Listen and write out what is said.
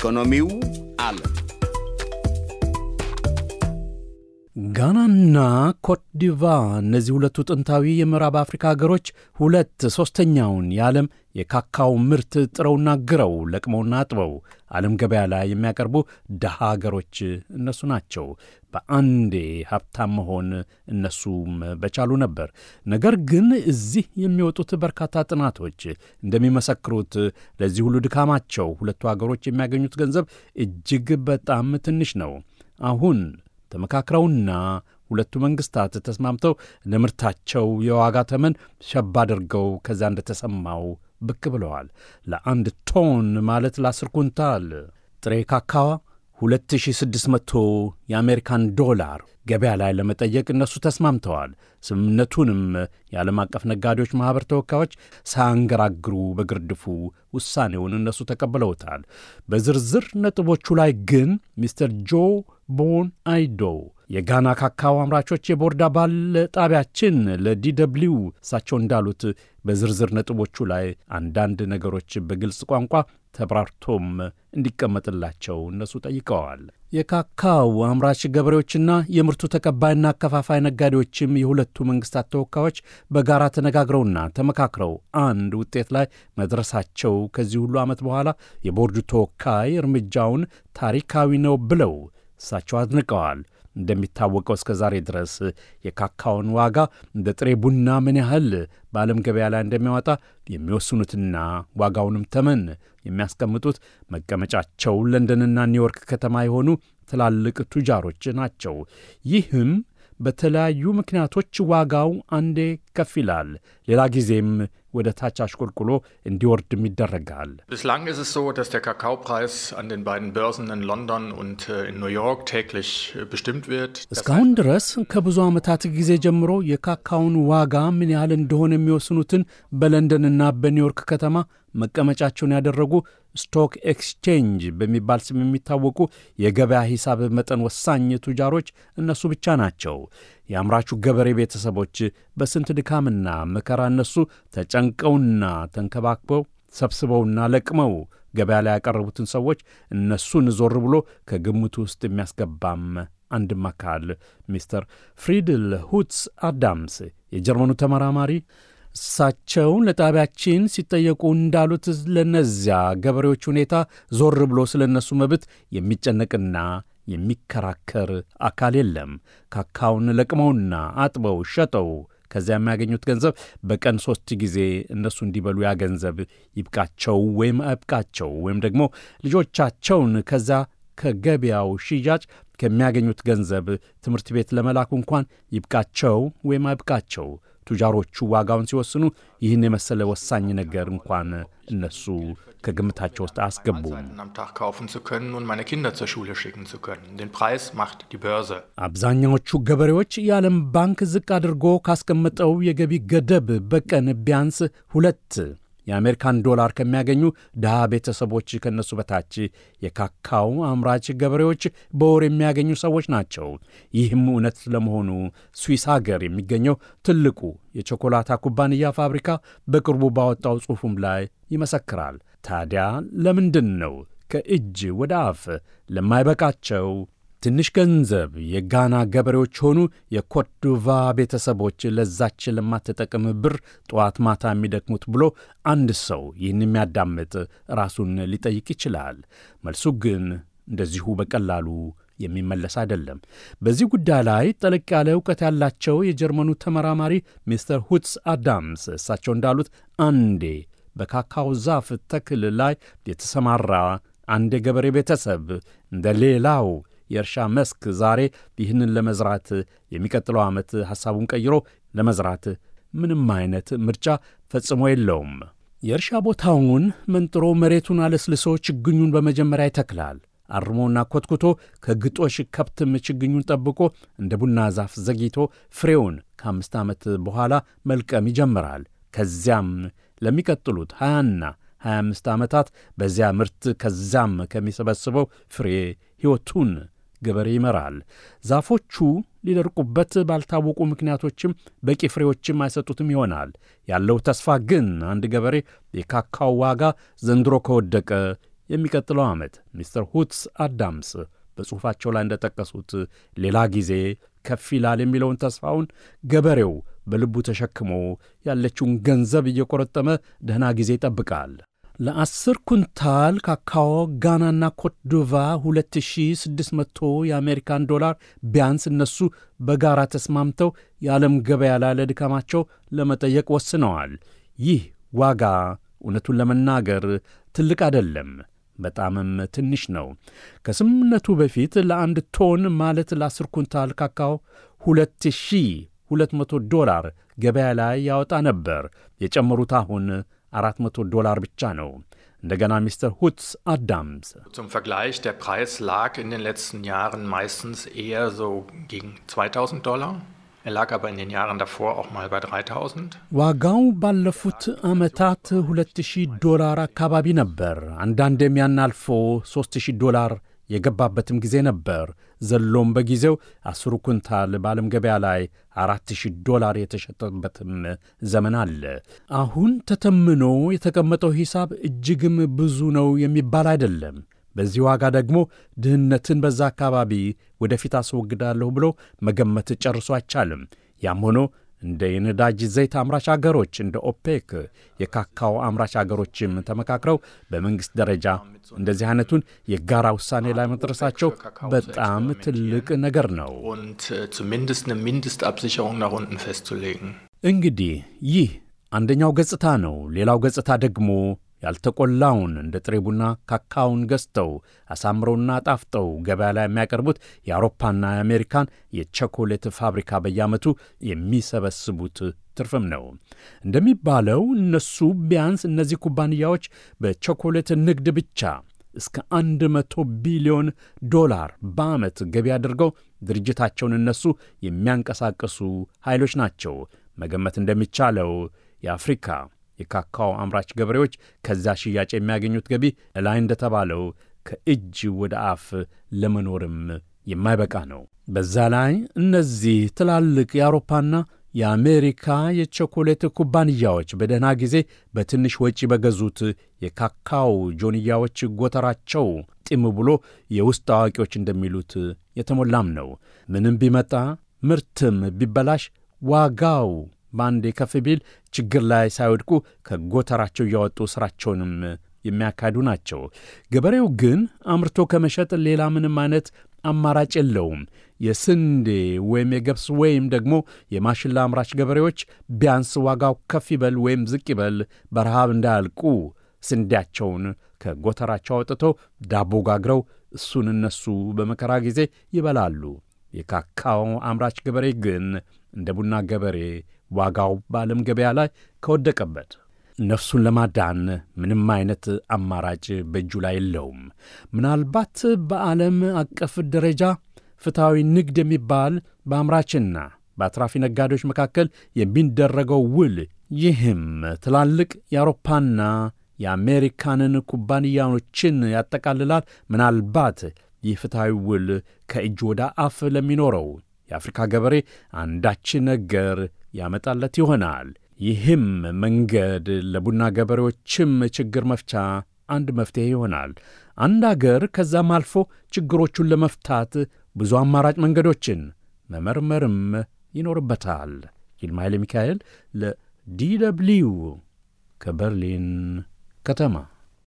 ኢኮኖሚው አለ። ጋናና ኮትዲቫ እነዚህ ሁለቱ ጥንታዊ የምዕራብ አፍሪካ ሀገሮች ሁለት ሦስተኛውን የዓለም የካካው ምርት ጥረውና ግረው ለቅመውና አጥበው ዓለም ገበያ ላይ የሚያቀርቡ ደሃ ሀገሮች እነሱ ናቸው። በአንዴ ሀብታም መሆን እነሱም በቻሉ ነበር። ነገር ግን እዚህ የሚወጡት በርካታ ጥናቶች እንደሚመሰክሩት ለዚህ ሁሉ ድካማቸው ሁለቱ ሀገሮች የሚያገኙት ገንዘብ እጅግ በጣም ትንሽ ነው። አሁን ተመካክረውና ሁለቱ መንግስታት ተስማምተው ለምርታቸው የዋጋ ተመን ሸባ አድርገው ከዛ እንደተሰማው ብቅ ብለዋል። ለአንድ ቶን ማለት ለአስር ኩንታል ጥሬ ካካዋ 2600 የአሜሪካን ዶላር ገበያ ላይ ለመጠየቅ እነሱ ተስማምተዋል። ስምምነቱንም የዓለም አቀፍ ነጋዴዎች ማኅበር ተወካዮች ሳያንገራግሩ በግርድፉ ውሳኔውን እነሱ ተቀብለውታል። በዝርዝር ነጥቦቹ ላይ ግን ሚስተር ጆ ቦን አይዶ የጋና ካካው አምራቾች የቦርድ አባል ጣቢያችን ለዲደብሊው እሳቸው እንዳሉት በዝርዝር ነጥቦቹ ላይ አንዳንድ ነገሮች በግልጽ ቋንቋ ተብራርቶም እንዲቀመጥላቸው እነሱ ጠይቀዋል። የካካው አምራች ገበሬዎችና የምርቱ ተቀባይና አከፋፋይ ነጋዴዎችም የሁለቱ መንግስታት ተወካዮች በጋራ ተነጋግረውና ተመካክረው አንድ ውጤት ላይ መድረሳቸው ከዚህ ሁሉ ዓመት በኋላ የቦርዱ ተወካይ እርምጃውን ታሪካዊ ነው ብለው እሳቸው አድንቀዋል። እንደሚታወቀው እስከ ዛሬ ድረስ የካካውን ዋጋ እንደ ጥሬ ቡና ምን ያህል በዓለም ገበያ ላይ እንደሚያወጣ የሚወስኑትና ዋጋውንም ተመን የሚያስቀምጡት መቀመጫቸው ለንደንና ኒውዮርክ ከተማ የሆኑ ትላልቅ ቱጃሮች ናቸው። ይህም በተለያዩ ምክንያቶች ዋጋው አንዴ ከፍ ይላል፣ ሌላ ጊዜም ወደ ታች አሽቆልቁሎ እንዲወርድም ይደረጋል። ብስላንግ ist es so, dass der Kakaopreis an den beiden Börsen in äh, äh, እስካሁን ድረስ ከብዙ ዓመታት ጊዜ ጀምሮ የካካውን ዋጋ ምን ያህል እንደሆነ የሚወስኑትን በለንደንና በኒውዮርክ ከተማ መቀመጫቸውን ያደረጉ ስቶክ ኤክስቼንጅ በሚባል ስም የሚታወቁ የገበያ ሂሳብ መጠን ወሳኝ ቱጃሮች እነሱ ብቻ ናቸው። የአምራቹ ገበሬ ቤተሰቦች በስንት ድካምና መከራ እነሱ ተጨንቀውና ተንከባክበው ሰብስበውና ለቅመው ገበያ ላይ ያቀረቡትን ሰዎች እነሱን ዞር ብሎ ከግምቱ ውስጥ የሚያስገባም አንድም አካል ሚስተር ፍሪድል ሁትስ አዳምስ የጀርመኑ ተመራማሪ እሳቸውን ለጣቢያችን ሲጠየቁ እንዳሉት ለነዚያ ገበሬዎች ሁኔታ ዞር ብሎ ስለ እነሱ መብት የሚጨነቅና የሚከራከር አካል የለም። ካካውን ለቅመውና አጥበው ሸጠው ከዚያ የሚያገኙት ገንዘብ በቀን ሶስት ጊዜ እነሱ እንዲበሉ ያ ገንዘብ ይብቃቸው ወይም አይብቃቸው ወይም ደግሞ ልጆቻቸውን ከዛ ከገበያው ሽያጭ ከሚያገኙት ገንዘብ ትምህርት ቤት ለመላኩ እንኳን ይብቃቸው ወይም አይብቃቸው ቱጃሮቹ ዋጋውን ሲወስኑ ይህን የመሰለ ወሳኝ ነገር እንኳን እነሱ ከግምታቸው ውስጥ አያስገቡም። አብዛኛዎቹ ገበሬዎች የዓለም ባንክ ዝቅ አድርጎ ካስቀመጠው የገቢ ገደብ በቀን ቢያንስ ሁለት የአሜሪካን ዶላር ከሚያገኙ ድሃ ቤተሰቦች ከነሱ በታች የካካው አምራች ገበሬዎች በወር የሚያገኙ ሰዎች ናቸው። ይህም እውነት ለመሆኑ ስዊስ ሀገር የሚገኘው ትልቁ የቾኮላታ ኩባንያ ፋብሪካ በቅርቡ ባወጣው ጽሑፉም ላይ ይመሰክራል። ታዲያ ለምንድን ነው ከእጅ ወደ አፍ ለማይበቃቸው ትንሽ ገንዘብ የጋና ገበሬዎች ሆኑ የኮትዲቯ ቤተሰቦች ለዛች ለማትጠቅም ብር ጠዋት ማታ የሚደክሙት ብሎ አንድ ሰው ይህን የሚያዳምጥ ራሱን ሊጠይቅ ይችላል። መልሱ ግን እንደዚሁ በቀላሉ የሚመለስ አይደለም። በዚህ ጉዳይ ላይ ጠለቅ ያለ እውቀት ያላቸው የጀርመኑ ተመራማሪ ሚስተር ሁትስ አዳምስ እሳቸው እንዳሉት አንዴ በካካው ዛፍ ተክል ላይ የተሰማራ አንድ የገበሬ ቤተሰብ እንደ ሌላው የእርሻ መስክ ዛሬ ይህንን ለመዝራት የሚቀጥለው ዓመት ሐሳቡን ቀይሮ ለመዝራት ምንም አይነት ምርጫ ፈጽሞ የለውም። የእርሻ ቦታውን መንጥሮ መሬቱን አለስልሶ ችግኙን በመጀመሪያ ይተክላል። አርሞና ኮትኩቶ ከግጦሽ ከብትም ችግኙን ጠብቆ እንደ ቡና ዛፍ ዘግይቶ ፍሬውን ከአምስት ዓመት በኋላ መልቀም ይጀምራል። ከዚያም ለሚቀጥሉት ሀያና ሀያ አምስት ዓመታት በዚያ ምርት ከዚያም ከሚሰበስበው ፍሬ ሕይወቱን ገበሬ ይመራል። ዛፎቹ ሊደርቁበት ባልታወቁ ምክንያቶችም በቂ ፍሬዎችም አይሰጡትም ይሆናል። ያለው ተስፋ ግን አንድ ገበሬ የካካው ዋጋ ዘንድሮ ከወደቀ የሚቀጥለው ዓመት ሚስተር ሁትስ አዳምስ በጽሑፋቸው ላይ እንደጠቀሱት ሌላ ጊዜ ከፍ ይላል የሚለውን ተስፋውን ገበሬው በልቡ ተሸክሞ ያለችውን ገንዘብ እየቆረጠመ ደህና ጊዜ ይጠብቃል። ለአስር ኩንታል ካካዎ ጋናና ኮትዶቫ 2600 የአሜሪካን ዶላር ቢያንስ እነሱ በጋራ ተስማምተው የዓለም ገበያ ላይ ለድካማቸው ለመጠየቅ ወስነዋል። ይህ ዋጋ እውነቱን ለመናገር ትልቅ አይደለም፣ በጣምም ትንሽ ነው። ከስምምነቱ በፊት ለአንድ ቶን ማለት ለአስር ኩንታል ካካዎ 2200 ዶላር ገበያ ላይ ያወጣ ነበር። የጨመሩት አሁን 400 ዶላር ብቻ ነው። እንደገና ሚስተር ሁትስ አዳምስ zum Vergleich der Preis lag in den letzten Jahren meistens eher so gegen 2000 Dollar Er lag aber in den Jahren davor auch mal bei 3000. ዋጋው ባለፉት ዓመታት 2000 ዶላር አካባቢ ነበር። አንዳንዴም ያን አልፎ 3000 ዶላር የገባበትም ጊዜ ነበር። ዘሎም በጊዜው አስሩ ኩንታል በዓለም ገበያ ላይ አራት ሺህ ዶላር የተሸጠበትም ዘመን አለ። አሁን ተተምኖ የተቀመጠው ሂሳብ እጅግም ብዙ ነው የሚባል አይደለም። በዚህ ዋጋ ደግሞ ድህነትን በዛ አካባቢ ወደፊት አስወግዳለሁ ብሎ መገመት ጨርሶ አይቻልም። ያም ሆኖ እንደ የነዳጅ ዘይት አምራች አገሮች እንደ ኦፔክ፣ የካካዎ አምራች አገሮችም ተመካክረው በመንግሥት ደረጃ እንደዚህ አይነቱን የጋራ ውሳኔ ላይ መድረሳቸው በጣም ትልቅ ነገር ነው። äh, እንግዲህ ይህ አንደኛው ገጽታ ነው። ሌላው ገጽታ ደግሞ ያልተቆላውን እንደ ጥሬ ቡና ካካውን ገዝተው አሳምረውና ጣፍጠው ገበያ ላይ የሚያቀርቡት የአውሮፓና የአሜሪካን የቸኮሌት ፋብሪካ በየዓመቱ የሚሰበስቡት ትርፍም ነው። እንደሚባለው እነሱ ቢያንስ እነዚህ ኩባንያዎች በቸኮሌት ንግድ ብቻ እስከ አንድ መቶ ቢሊዮን ዶላር በዓመት ገቢ አድርገው ድርጅታቸውን እነሱ የሚያንቀሳቅሱ ኃይሎች ናቸው። መገመት እንደሚቻለው የአፍሪካ የካካው አምራች ገበሬዎች ከዛ ሽያጭ የሚያገኙት ገቢ ላይ እንደተባለው ከእጅ ወደ አፍ ለመኖርም የማይበቃ ነው። በዛ ላይ እነዚህ ትላልቅ የአውሮፓና የአሜሪካ የቸኮሌት ኩባንያዎች በደህና ጊዜ በትንሽ ወጪ በገዙት የካካው ጆንያዎች ጎተራቸው ጢም ብሎ የውስጥ አዋቂዎች እንደሚሉት የተሞላም ነው። ምንም ቢመጣ ምርትም ቢበላሽ ዋጋው በአንድ የከፍ ቢል ችግር ላይ ሳይወድቁ ከጎተራቸው እያወጡ ሥራቸውንም የሚያካሂዱ ናቸው። ገበሬው ግን አምርቶ ከመሸጥ ሌላ ምንም አይነት አማራጭ የለውም። የስንዴ ወይም የገብስ ወይም ደግሞ የማሽላ አምራች ገበሬዎች ቢያንስ ዋጋው ከፍ ይበል ወይም ዝቅ ይበል በረሃብ እንዳያልቁ ስንዴያቸውን ከጎተራቸው አውጥተው ዳቦ ጋግረው እሱን እነሱ በመከራ ጊዜ ይበላሉ። የካካው አምራች ገበሬ ግን እንደ ቡና ገበሬ ዋጋው በዓለም ገበያ ላይ ከወደቀበት ነፍሱን ለማዳን ምንም አይነት አማራጭ በእጁ ላይ የለውም። ምናልባት በዓለም አቀፍ ደረጃ ፍትሐዊ ንግድ የሚባል በአምራችና በአትራፊ ነጋዴዎች መካከል የሚደረገው ውል ይህም ትላልቅ የአውሮፓና የአሜሪካንን ኩባንያዎችን ያጠቃልላል። ምናልባት ይህ ፍትሐዊ ውል ከእጅ ወደ አፍ ለሚኖረው የአፍሪካ ገበሬ አንዳች ነገር ያመጣለት ይሆናል። ይህም መንገድ ለቡና ገበሬዎችም ችግር መፍቻ አንድ መፍትሄ ይሆናል። አንድ አገር ከዛም አልፎ ችግሮቹን ለመፍታት ብዙ አማራጭ መንገዶችን መመርመርም ይኖርበታል። ይልማ ኃይለ ሚካኤል ለዲ ደብልዩ ከበርሊን ከተማ